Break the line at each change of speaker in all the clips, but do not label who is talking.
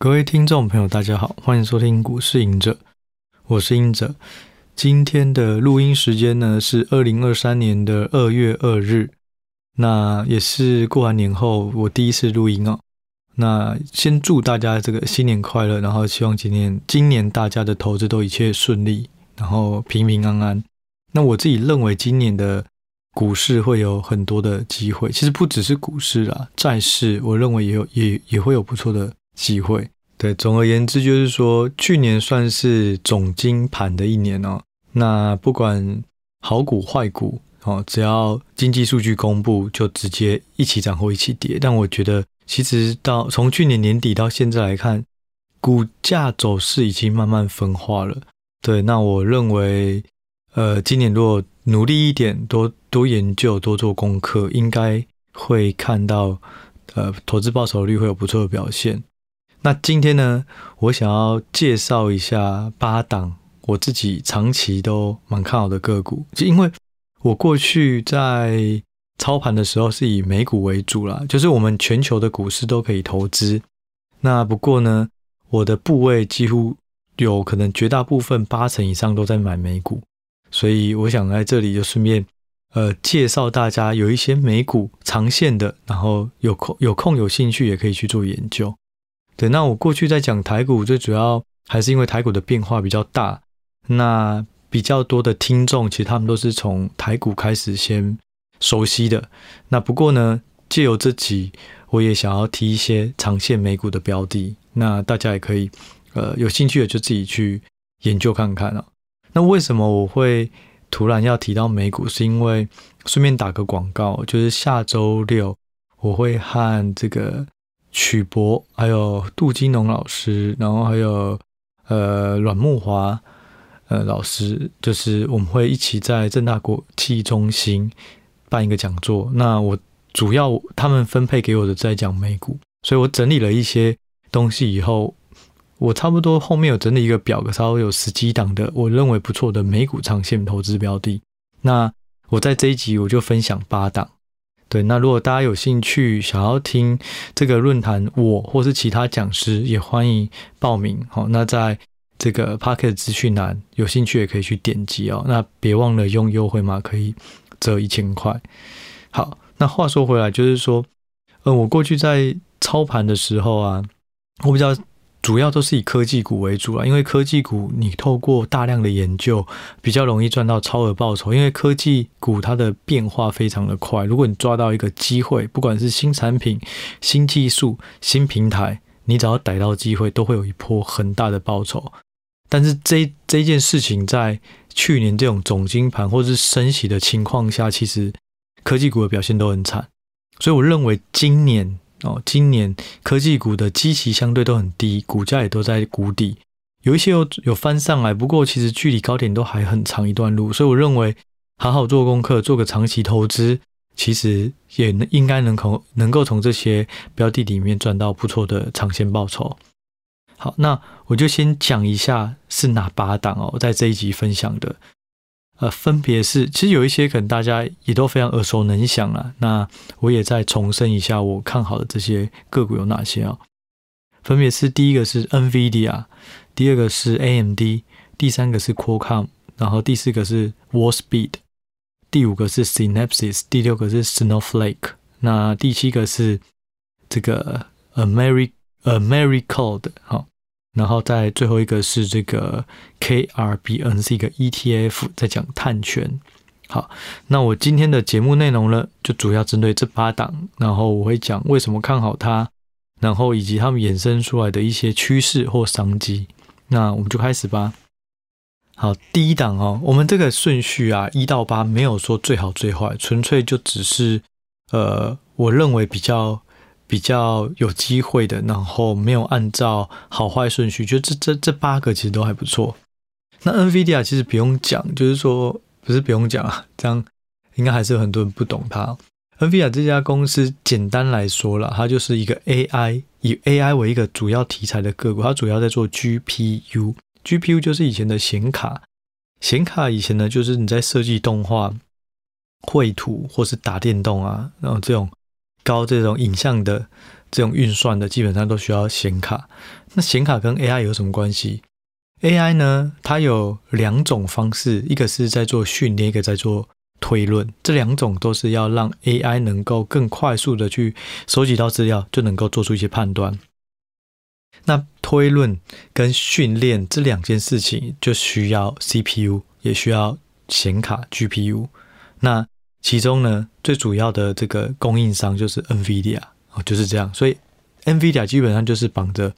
各位聽眾朋友，大家好，歡迎收聽《股市贏者》，我是贏者。今天的錄音時間呢是二零二三年的二月二日，那也是過完年後我第一次錄音哦。那先祝大家這個新年快樂，然後希望今年今年大家的投資都一切順利，然後平平安安。那我自己認為今年的股市會有很多的機會，其實不只是股市啦，債市我認為也有也也會有不錯的。機會，對，總而言之就是說，去年算是總經盤的一年哦。那不管好股壞股哦，只要經濟數據公布，就直接一起漲或一起跌。但我覺得，其實到從去年年底到現在來看，股價走勢已經慢慢分化了。對，那我認為，呃，今年如果努力一點，多多研究、多做功課，應該會看到，呃，投資報酬率會有不錯的表現。那今天呢，我想要介紹一下八檔我自己長期都蠻看好的個股，就因為我過去在操盤的時候是以美股為主啦，就是我們全球的股市都可以投資。那不過呢，我的部位幾乎有可能絕大部分八成以上都在買美股，所以我想在這裡就順便呃介紹大家有一些美股長線的，然後有空有空有興趣也可以去做研究。對，那我過去在講台股，最主要還是因為台股的變化比較大，那比較多的聽眾其實他們都是從台股開始先熟悉的。那不過呢，借由這集，我也想要提一些長線美股的標的，那大家也可以呃有興趣的就自己去研究看看啊。那為什麼我會突然要提到美股，是因為順便打個廣告，就是下周六我會和這個。曲博，還有杜金龍老師，然後還有呃阮慕驊呃老師，就是我們會一起在政大國際中心辦一個講座。那我主要他們分配給我的在講美股，所以我整理了一些東西以後，我差不多後面有整理一個表格，稍微有十幾檔的我認為不錯的美股長線投資標的。那我在這一集我就分享八檔。對，那如果大家有興趣想要聽這個論壇我，我或是其他講師也歡迎報名。好、哦，那在這個 Parker 資訊欄，有興趣也可以去點擊哦。那別忘了用優惠碼，可以折一千塊。好，那話說回來，就是說，嗯，我過去在操盤的時候啊，我比較。主要都是以科技股為主啦，因為科技股你透過大量的研究，比較容易賺到超額報酬。因為科技股它的變化非常的快，如果你抓到一個機會，不管是新產品、新技術、新平台，你只要逮到機會，都會有一波很大的報酬。但是這這件事情在去年這種總經盤或者是升息的情況下，其實科技股的表現都很慘，所以我認為今年。哦，今年科技股的基期相對都很低，股價也都在谷底，有一些有有翻上來，不過其實距離高點都還很長一段路，所以我認為好好做功課，做個長期投資，其實也能應該能從能夠從這些標的裡面賺到不錯的長線報酬。好，那我就先講一下是哪八檔哦，在這一集分享的。呃，分別是，其實有一些可能大家也都非常耳熟能詳了。那我也再重申一下，我看好的這些個股有哪些啊、喔？分別是第一個是 NVIDIA，第二個是 AMD，第三個是 Qualcomm，然後第四個是 Wolfspeed，第五個是 Synopsys，第六個是 Snowflake，那第七個是這個 America、Americold、喔、好。然後再最後一個是這個 K R B N 是一個 E T F，在講碳權。好，那我今天的節目內容呢，就主要針對這八檔，然後我會講為什麼看好它，然後以及他們衍生出來的一些趨勢或商機。那我們就開始吧。好，第一檔哦，我們這個順序啊，一到八沒有說最好最壞，純粹就只是呃，我認為比較。比較有機會的，然後沒有按照好壞順序，就這這這八個其實都還不錯。那 NVIDIA 其實不用講，就是說不是不用講啊，這樣應該還是有很多人不懂它。NVIDIA 這家公司簡單來說啦，它就是一個 AI，以 AI 為一個主要題材的個股，它主要在做 GPU，GPU GPU 就是以前的顯卡。顯卡以前呢，就是你在設計動畫、繪圖或是打電動啊，然後這種。高這種影像的這種運算的，基本上都需要顯卡。那顯卡跟 AI 有什麼關係？AI 呢，它有兩種方式，一個是在做訓練，一個在做推論。這兩種都是要讓 AI 能夠更快速的去收集到資料，就能夠做出一些判斷。那推論跟訓練這兩件事情，就需要 CPU，也需要顯卡 GPU。那其中呢，最主要的這個供應商就是 NVIDIA 哦，就是這樣。所以 NVIDIA 基本上就是綁着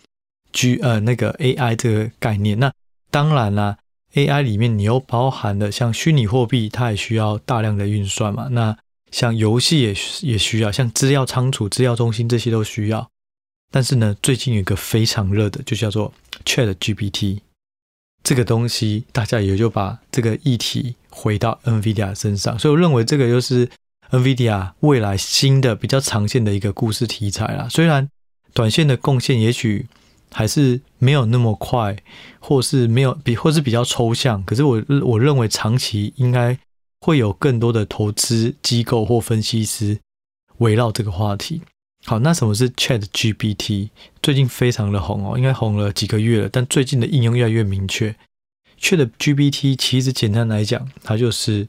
G 呃那個 AI 這個概念。那當然啦啊。AI 裡面你又包含了像虛擬貨幣，它也需要大量的運算嘛。那像遊戲也也需要，像資料倉儲、資料中心這些都需要。但是呢，最近有一個非常熱的，就叫做 ChatGPT 這個東西，大家也就把這個議題，回到 NVIDIA 身上，所以我認為這個就是 NVIDIA 未來新的比較長線的一個故事題材啦，雖然短線的貢獻也許還是沒有那麼快，或是沒有比或是比較抽象，可是我我認為長期應該會有更多的投資機構或分析師圍繞這個話題。好，那什麼是 ChatGPT？最近非常的紅哦，應該紅了幾個月了，但最近的應用越來越明確。確的 ChatGPT 其實簡單來講，它就是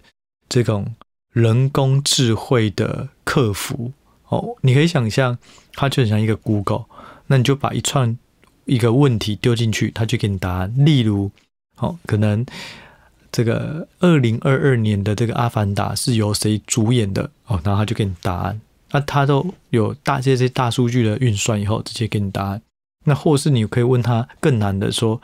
這種人工智慧的客服哦。你可以想象，它就很像一個 Google，那你就把一串一個問題丟進去，它就給你答案。例如，哦，可能這個二零二二年的這個《阿凡達》是由誰主演的？哦，然後它就給你答案。那、啊、它都有大這些大數據的運算以後，直接給你答案。那或是你可以問他更難的說，說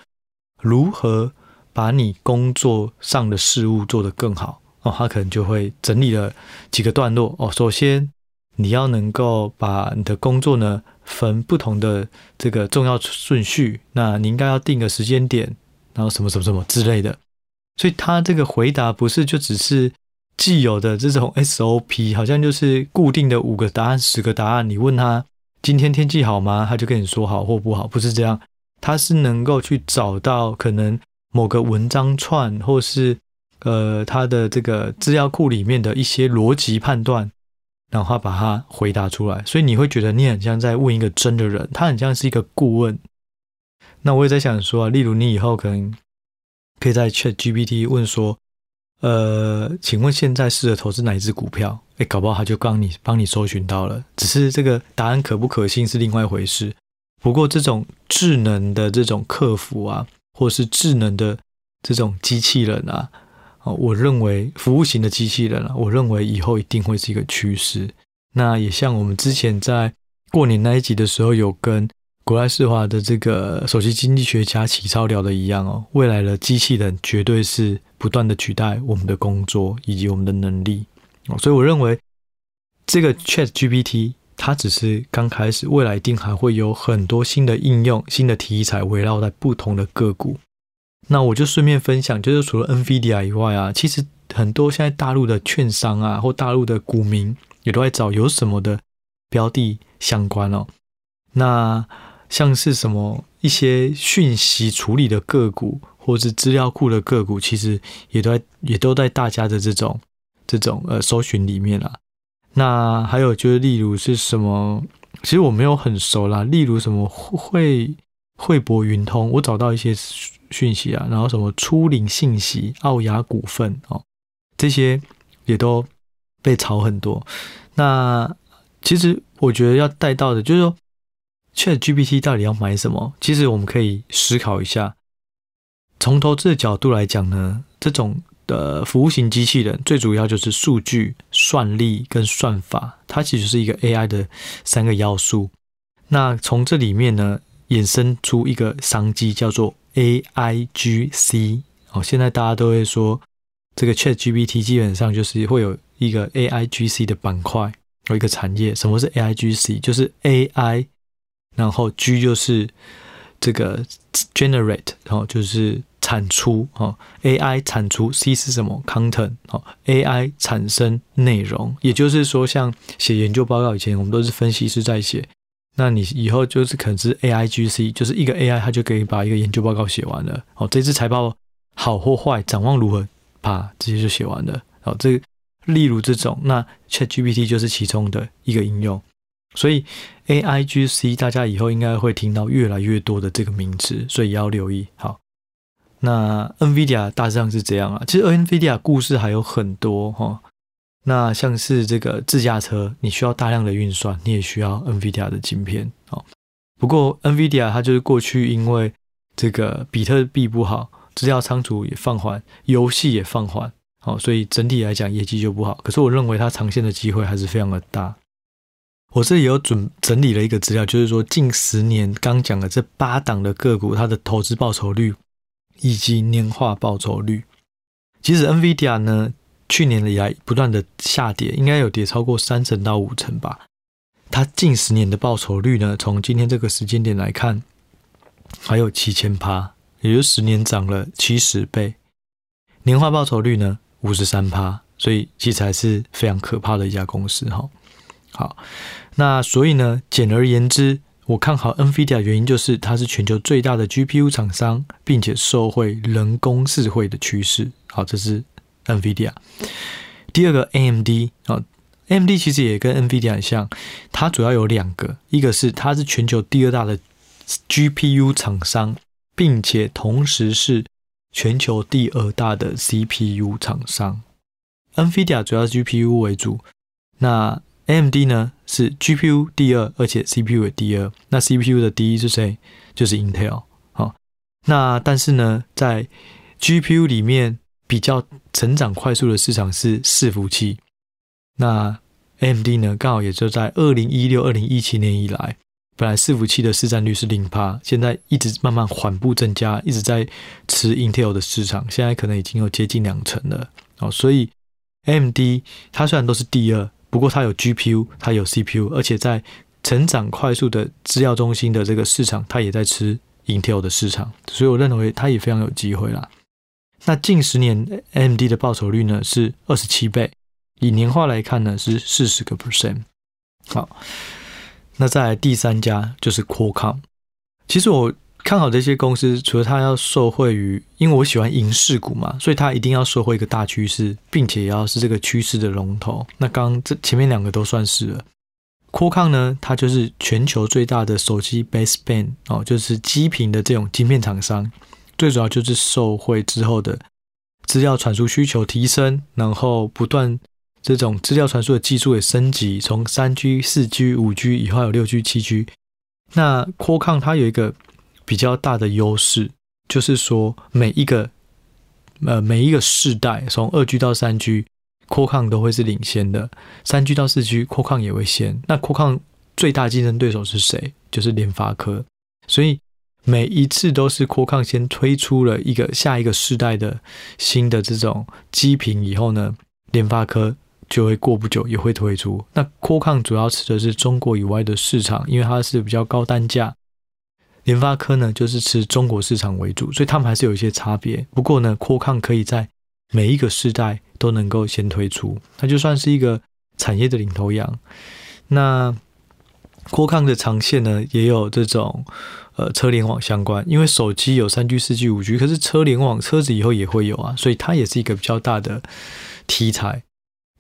如何？把你工作上的事務做得更好哦，他可能就會整理了幾個段落哦。首先，你要能夠把你的工作呢分不同的這個重要順序，那你應該要定個時間點，然後什麼什麼什麼之類的。所以他這個回答不是就只是既有的這種 SOP，好像就是固定的五個答案、十個答案。你問他今天天氣好嗎？他就跟你說好或不好，不是這樣。他是能夠去找到可能。某個文章串，或是呃，他的這個資料庫裡面的一些邏輯判斷，然後把它回答出來。所以你會覺得你很像在問一個真的人，他很像是一個顧問。那我也在想說啊，例如你以後可能可以在 ChatGPT 問說，呃，請問現在適合投資哪一支股票？哎，搞不好他就幫你幫你搜尋到了。只是這個答案可不可信是另外一回事。不過這種智能的這種客服啊。或是智能的這種機器人啊，哦，我認為服務型的機器人啊，我認為以後一定會是一個趨勢。那也像我們之前在過年那一集的時候，有跟國泰世華的這個首席經濟學家啟超聊的一樣哦，未來的機器人絕對是不斷的取代我們的工作以及我們的能力哦，所以我認為這個 ChatGPT。它只是剛開始，未來一定還會有很多新的應用、新的題材圍繞在不同的個股。那我就順便分享，就是除了 Nvidia 以外啊，其實很多現在大陸的券商啊，或大陸的股民也都在找有什麼的標的相關哦。那像是什麼一些訊息處理的個股，或是資料庫的個股，其實也都在也都在大家的這種這種呃搜尋裡面啊。那還有就是，例如是什麼？其實我沒有很熟啦。例如什麼匯匯博雲通，我找到一些訊息啊，然後什麼初靈信息、奧雅股份哦，這些也都被炒很多。那其實我覺得要帶到的就是說，ChatGPT 到底要買什麼？其實我們可以思考一下，從投資的角度來講呢，這種。的服務型機器人最主要就是數據、算力跟算法，它其實是一個 AI 的三個要素。那從這裡面呢，衍生出一個商機，叫做 AIGC 哦。現在大家都會說，這個 ChatGPT 基本上就是會有一個 AIGC 的板塊，有一個產業。什麼是 AIGC？就是 AI，然後 G 就是這個 generate，然後、哦、就是。產出啊、喔、，AI 產出 C 是什麼？Content 啊、喔、，AI 產生內容，也就是說，像寫研究報告以前，我們都是分析師在寫，那你以後就是可能是 AIGC，就是一個 AI 它就可以把一個研究報告寫完了。哦、喔，這支財報好或壞，展望如何？啪，直接就寫完了。哦、喔，這個、例如這種，那 ChatGPT 就是其中的一個應用。所以 AIGC 大家以後應該會聽到越來越多的這個名詞，所以也要留意。好。那 NVIDIA 大致上是這樣啊，其實 NVIDIA 故事還有很多哈、哦。那像是這個自駕車，你需要大量的運算，你也需要 NVIDIA 的晶片哦。不過 NVIDIA 它就是過去因為這個比特幣不好，資料倉儲也放緩，遊戲也放緩，哦，所以整體來講業績就不好。可是我認為它長線的機會還是非常的大。我這裡有準整理了一個資料，就是說近十年剛講的這八檔的個股，它的投資報酬率，以及年化報酬率，其實 NVIDIA 呢，去年以來不斷的下跌，應該有跌超過三成到五成吧。它近十年的報酬率呢，從今天這個時間點來看，還有七千趴，也就是十年漲了七十倍。年化報酬率呢，五十三趴，所以其實還是非常可怕的一家公司哈。好，那所以呢，簡而言之。我看好 NVIDIA 的原因就是它是全球最大的 GPU 廠商，並且受惠人工智慧的趨勢。好，這是 NVIDIA。第二個 AMD 啊，哦，AMD 其實也跟 NVIDIA 很像，它主要有兩個，一個是它是全球第二大的 GPU 廠商，並且同時是全球第二大的 CPU 廠商。NVIDIA 主要是 GPU 為主，那。AMD 呢是 GPU 第二，而且 CPU 也第二。那 CPU 的第一是誰？就是 Intel，哦。好，那但是呢，在 GPU 裡面比較成長快速的市場是伺服器。那 AMD 呢，剛好也就在二零一六、二零一七年以來，本來伺服器的市佔率是零趴，現在一直慢慢緩步增加，一直在吃 Intel 的市場。現在可能已經有接近兩成了。哦，所以 AMD 它雖然都是第二。不過它有 GPU，它有 CPU，而且在成長快速的資料中心的這個市場，它也在吃 Intel 的市場，所以我認為它也非常有機會啦。那近十年 AMD 的報酬率呢是二十七倍，以年化來看呢是四十個 percent。好，那再來第三家就是 Qualcomm，其實我。看好這些公司，除了它要受惠於，因為我喜歡銀飾股嘛，所以它一定要受惠一個大趨勢，並且也要是這個趨勢的龍頭。那剛，剛這前面兩個都算是了。Qualcomm 呢，它就是全球最大的手機 baseband 哦，就是基頻的這種晶片廠商。最主要就是受惠之後的資料傳輸需求提升，然後不斷這種資料傳輸的技術也升級，從三 G 四 G 五 G 以後還有六 G 七 G。那 Qualcomm 它有一個。比較大的優勢就是說，每一個呃每一個世代，從二 G 到三 G，Qualcomm 都會是領先的；三 G 到四 G，Qualcomm 也會先。那 Qualcomm 最大競爭對手是誰？就是聯發科。所以每一次都是 Qualcomm 先推出了一個下一個世代的新的這種基頻以後呢，聯發科就會過不久也會推出。那 Qualcomm 主要吃的是中國以外的市場，因為它是比較高單價。聯發科呢，就是吃中國市場為主，所以他們還是有一些差別。不過呢，高通可以在每一個世代都能夠先推出，它就算是一個產業的領頭羊。那高通的長線呢，也有這種呃車聯網相關，因為手機有三 G、四 G、五 G，可是車聯網車子以後也會有啊，所以它也是一個比較大的題材。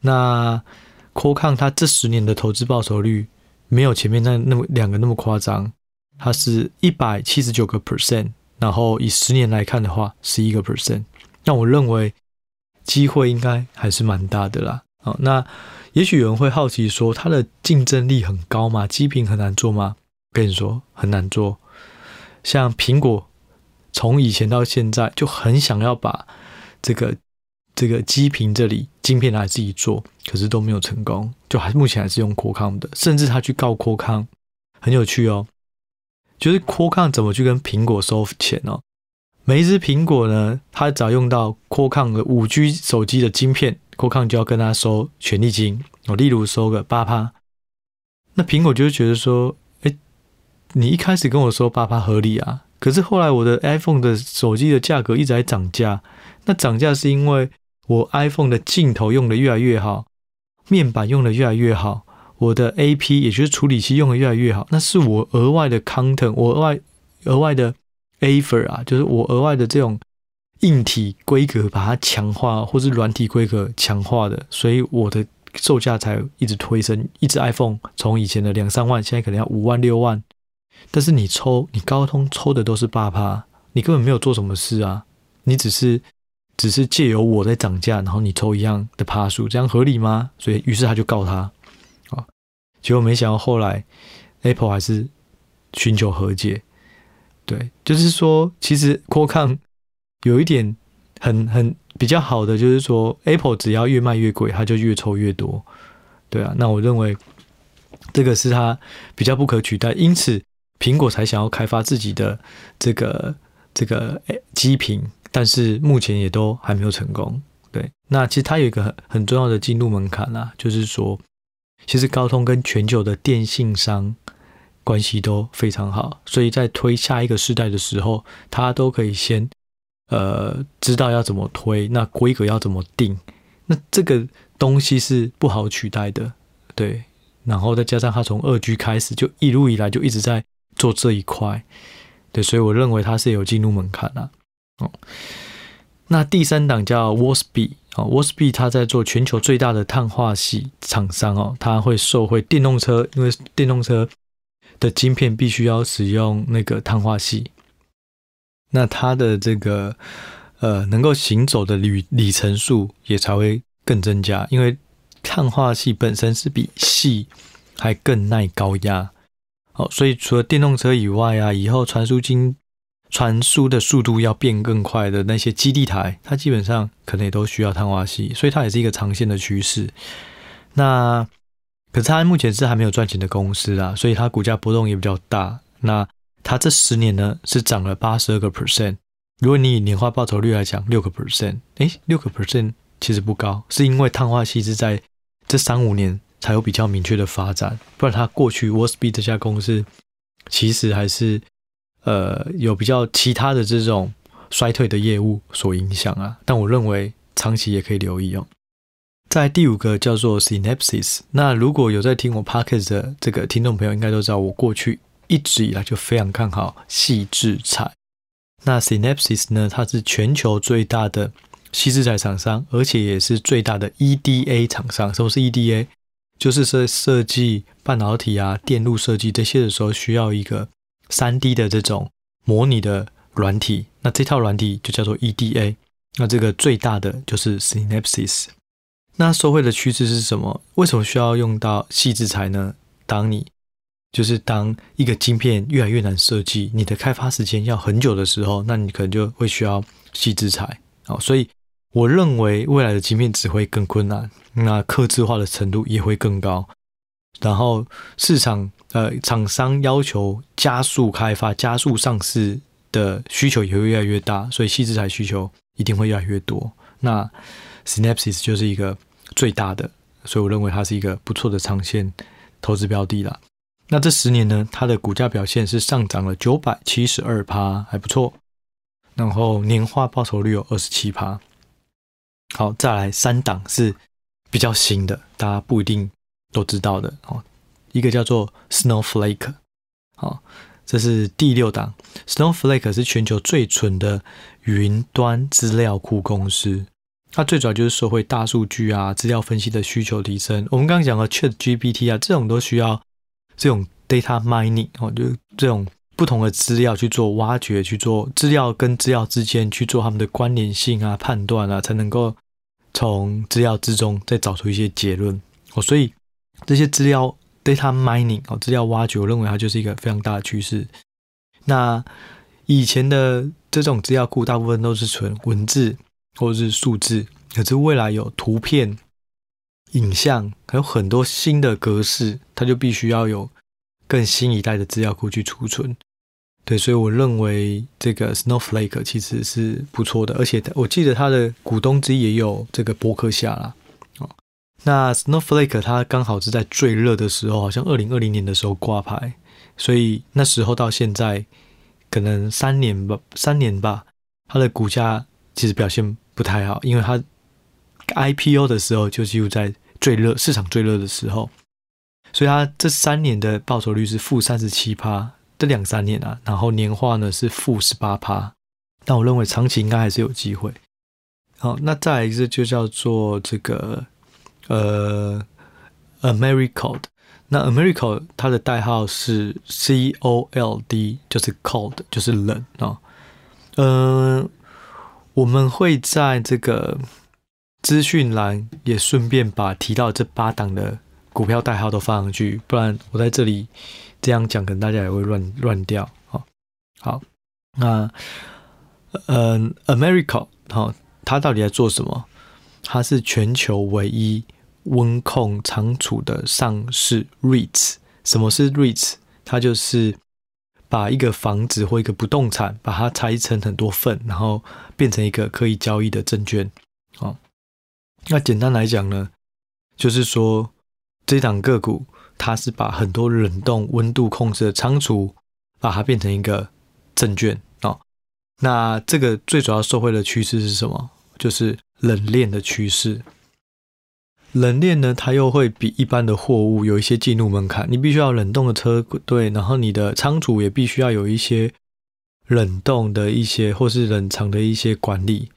那高通它這十年的投資報酬率，沒有前面那那麼兩個那麼誇張。它是一百七十九個 percent，然後以十年來看的話，十一個 percent。那我認為機會應該還是蠻大的啦。哦，那也許有人會好奇說，它的競爭力很高嗎？基頻很難做嗎？跟你說很難做。像蘋果從以前到現在就很想要把這個這個基頻這裡晶片來自己做，可是都沒有成功，就還目前還是用 Qualcomm 的，甚至他去告 Qualcomm，很有趣哦。就是 Qualcomm 怎麼去跟蘋果收錢哦？每一支蘋果呢，它只要用到 Qualcomm 的五 G 手機的晶片，Qualcomm 就要跟它收權利金哦。例如收個八趴，那蘋果就會覺得說，哎、欸，你一開始跟我說八趴合理啊，可是後來我的 iPhone 的手機的價格一直在漲價，那漲價是因為我 iPhone 的鏡頭用的越來越好，面板用的越來越好。我的 AP 也就是處理器用的越來越好，那是我額外的 content 我額外額外的 aver 啊，就是我額外的這種硬體規格把它強化，或是軟體規格強化的，所以我的售價才一直推升，一支 iPhone 從以前的兩三萬，現在可能要五萬六萬。但是你抽，你高通抽的都是八趴，你根本沒有做什麼事啊，你只是只是借由我在漲價，然後你抽一樣的趴數，這樣合理嗎？所以於是他就告他。結果沒想到，後來 Apple 還是尋求和解。對，就是說，其實 Qualcomm 有一點很很比較好的，就是說，Apple 只要越賣越貴，它就越抽越多。對啊，那我認為這個是它比較不可取代，因此蘋果才想要開發自己的這個這個基頻，但是目前也都還沒有成功。對，那其實它有一個很很重要的進入門檻啦、啊，就是說。其實高通跟全球的電信商關係都非常好，所以在推下一個世代的時候，它都可以先呃知道要怎麼推，那規格要怎麼定，那這個東西是不好取代的，對。然後再加上它從二 G 開始就一路以來就一直在做這一塊，對，所以我認為它是有進入門檻啦、啊。哦，那第三檔叫 Wolfspeed 啊 Wolfspeed 他在做全球最大的碳化矽廠商哦，他會受惠電動車，因為電動車的晶片必須要使用那個碳化矽。那它的這個呃能夠行走的里里程數也才會更增加，因為碳化矽本身是比矽還更耐高壓，哦，所以除了電動車以外啊，以後傳輸晶傳輸的速度要變更快的那些基地台，它基本上可能也都需要碳化矽，所以它也是一個長線的趨勢。那可是它目前是還沒有賺錢的公司啊，所以它股價波動也比較大。那它這十年呢是漲了八十二個 percent。如果你以年化報酬率來講，六個 percent，誒六個 percent 其實不高，是因為碳化矽是在這三五年才有比較明確的發展，不然它過去 Wolfspeed 這家公司其實還是。呃，有比較其他的這種衰退的業務所影響啊，但我認為長期也可以留意哦。在第五個叫做 Synopsys，那如果有在聽我 podcast 的這個聽眾朋友，應該都知道我過去一直以來就非常看好矽智財，那 Synopsys 呢，它是全球最大的矽智財廠商，而且也是最大的 EDA 廠商。什麼是 EDA？就是設設計半導體啊、電路設計這些的時候需要一個。三 D 的這種模擬的軟體，那這套軟體就叫做 EDA。那這個最大的就是 Synopsys。那受惠的趨勢是什麼？為什麼需要用到矽智財呢？當你就是當一個晶片越來越難設計，你的開發時間要很久的時候，那你可能就會需要矽智財。好，所以我認為未來的晶片只會更困難，那客製化的程度也會更高。然後市場呃廠商要求加速開發，加速上市的需求也會越來越大，所以矽智財需求一定會越來越多。那 Synopsys 就是一個最大的，所以我認為它是一個不錯的長線投資標的啦。那這十年呢，它的股價表現是上漲了九百七十二趴，還不錯。然後年化報酬率有二十七趴。好，再來三檔是比較新的，大家不一定。都知道的哦，一個叫做 Snowflake，好，這是第六檔。Snowflake 是全球最純的雲端資料庫公司。它最主要就是受惠大數據啊、資料分析的需求提升。我們剛剛講的 ChatGPT 啊，這種都需要這種 data mining，哦，就是這種不同的資料去做挖掘，去做資料跟資料之間去做他們的關聯性啊、判斷啊，才能夠從資料之中再找出一些結論。哦，所以。這些資料 （data mining） 哦，資料挖掘，我認為它就是一個非常大的趨勢。那以前的這種資料庫大部分都是純文字或者是數字，可是未來有圖片、影像，還有很多新的格式，它就必須要有更新一代的資料庫去儲存。對，所以我認為這個 Snowflake 其實是不錯的，而且我記得它的股東之一也有這個波克夏啦。那 Snowflake 它剛好是在最熱的時候，好像二零二零年的時候掛牌，所以那時候到現在，可能三年吧，三年吧，它的股價其實表現不太好，因為它 IPO 的時候就是又在最熱市場最熱的時候，所以它這三年的報酬率是負三十七趴，這兩三年啊，然後年化呢是負十八趴。但我認為長期應該還是有機會。好，那再來一個就叫做這個。呃，Americold 的，那 Americold 它的代號是 COLD，就是 cold，就是冷哦。嗯、呃，我們會在這個資訊欄也順便把提到這八檔的股票代號都放上去，不然我在這裡這樣講，可能大家也會亂亂掉。好、哦、好，那呃，Americold 好、哦，它到底在做什麼？它是全球唯一，溫控倉儲的上市 REITs，什麼是 REITs？它就是把一個房子或一個不動產，把它拆成很多份，然後變成一個可以交易的證券。啊、哦，那簡單來講呢，就是說這檔個股，它是把很多冷凍溫度控制的倉儲，把它變成一個證券。啊、哦，那這個最主要受惠的趨勢是什麼？就是冷鏈的趨勢。冷鏈呢，它又會比一般的貨物有一些進入門檻，你必須要冷凍的車，對，然後你的倉儲也必須要有一些冷凍的一些或是冷藏的一些管理。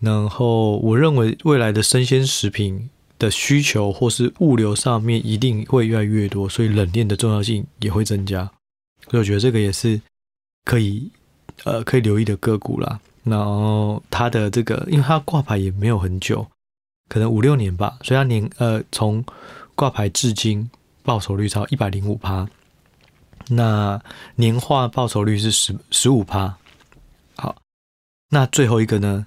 然後我認為未來的生鮮食品的需求或是物流上面一定會越來越多，所以冷鏈的重要性也會增加。所以我覺得這個也是可以，呃，可以留意的個股啦。然後它的這個，因為它掛牌也沒有很久。可能五六年吧，所以他年呃從掛牌至今報酬率超一百零五趴，那年化報酬率是十十五趴。好，那最後一個呢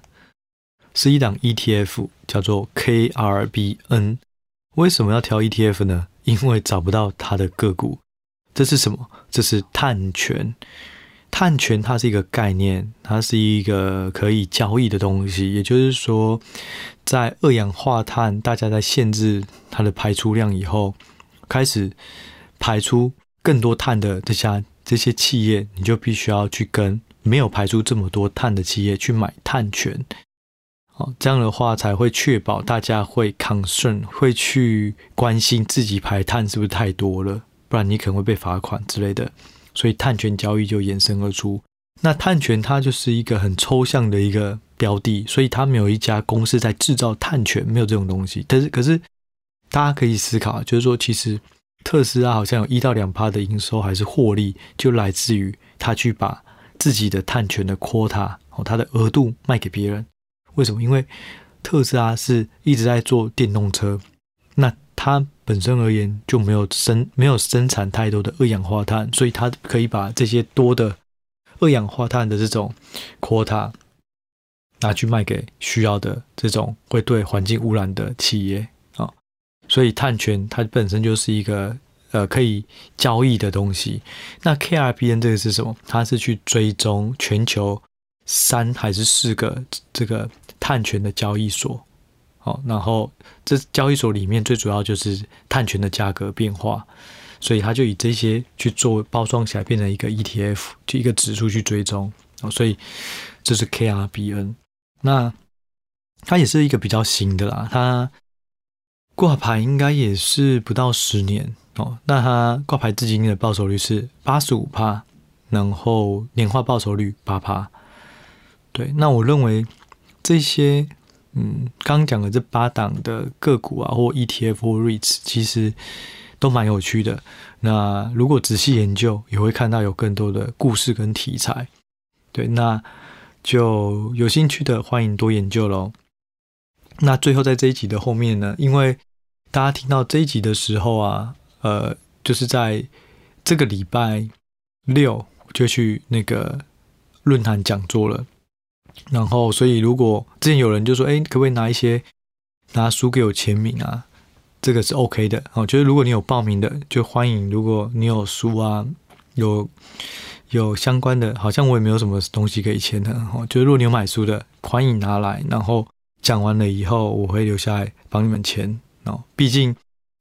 是一檔 ETF 叫做 KRBN，為什麼要挑 ETF 呢？因為找不到它的個股，這是什麼？這是碳權。碳權它是一個概念，它是一個可以交易的東西。也就是說，在二氧化碳大家在限制它的排出量以後，開始排出更多碳的這些這些企業，你就必須要去跟沒有排出這麼多碳的企業去買碳權。哦，這樣的話才會確保大家會抗 o 會去關心自己排碳是不是太多了，不然你可能會被罰款之類的。所以碳權交易就延伸而出。那碳權它就是一個很抽象的一個標的，所以它沒有一家公司在製造碳權，沒有這種東西。但是，可是大家可以思考，就是說，其實特斯拉好像有一到兩趴的營收還是獲利，就來自於他去把自己的碳權的 quota 哦，它的額度賣給別人。為什麼？因為特斯拉是一直在做電動車，那他。本身而言就沒有生沒有生產太多的二氧化碳，所以它可以把這些多的二氧化碳的這種 quota 拿去賣給需要的這種會對環境污染的企業啊，所以碳權它本身就是一個呃可以交易的東西。那 KRBN 這個是什麼？它是去追蹤全球三還是四個這個碳權的交易所。好、哦，然後這交易所裡面最主要就是碳權的價格變化，所以他就以這些去做包裝起來，變成一個 ETF，就一個指數去追蹤。哦，所以這是 KRBN，那它也是一個比較新的啦，它掛牌應該也是不到十年。哦，那它掛牌至今的報酬率是八十五趴，然後年化報酬率八趴。對，那我認為這些。嗯，剛剛講的這八檔的個股啊，或 ETF 或 REITs，其實都蠻有趣的。那如果仔細研究，也會看到有更多的故事跟題材。對，那就有興趣的，歡迎多研究嘍。那最後在這一集的後面呢，因為大家聽到這一集的時候啊，呃，就是在這個禮拜六就去那個論壇講座了。然後，所以如果之前有人就說：“哎，可不可以拿一些拿書給我簽名啊？”這個是 OK 的。我覺得如果你有報名的，就歡迎；如果你有書啊，有有相關的，好像我也沒有什麼東西可以簽的。哦，就是如果你有買書的，歡迎拿來。然後講完了以後，我會留下來幫你們簽。哦，畢竟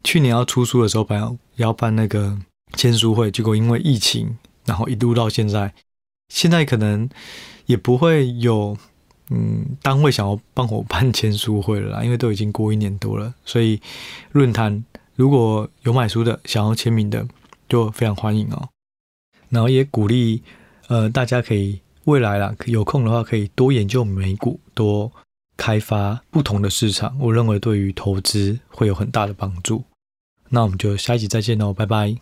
去年要出書的時候，辦要辦那個簽書會，結果因為疫情，然後一度到現在，現在可能。也不會有，嗯，單位想要幫我辦簽書會了啦，因為都已經過一年多了。所以論壇如果有買書的，想要簽名的，就非常歡迎哦。然後也鼓勵，呃，大家可以未來啦，有空的話可以多研究美股，多開發不同的市場。我認為對於投資會有很大的幫助。那我們就下一集再見囉，拜拜。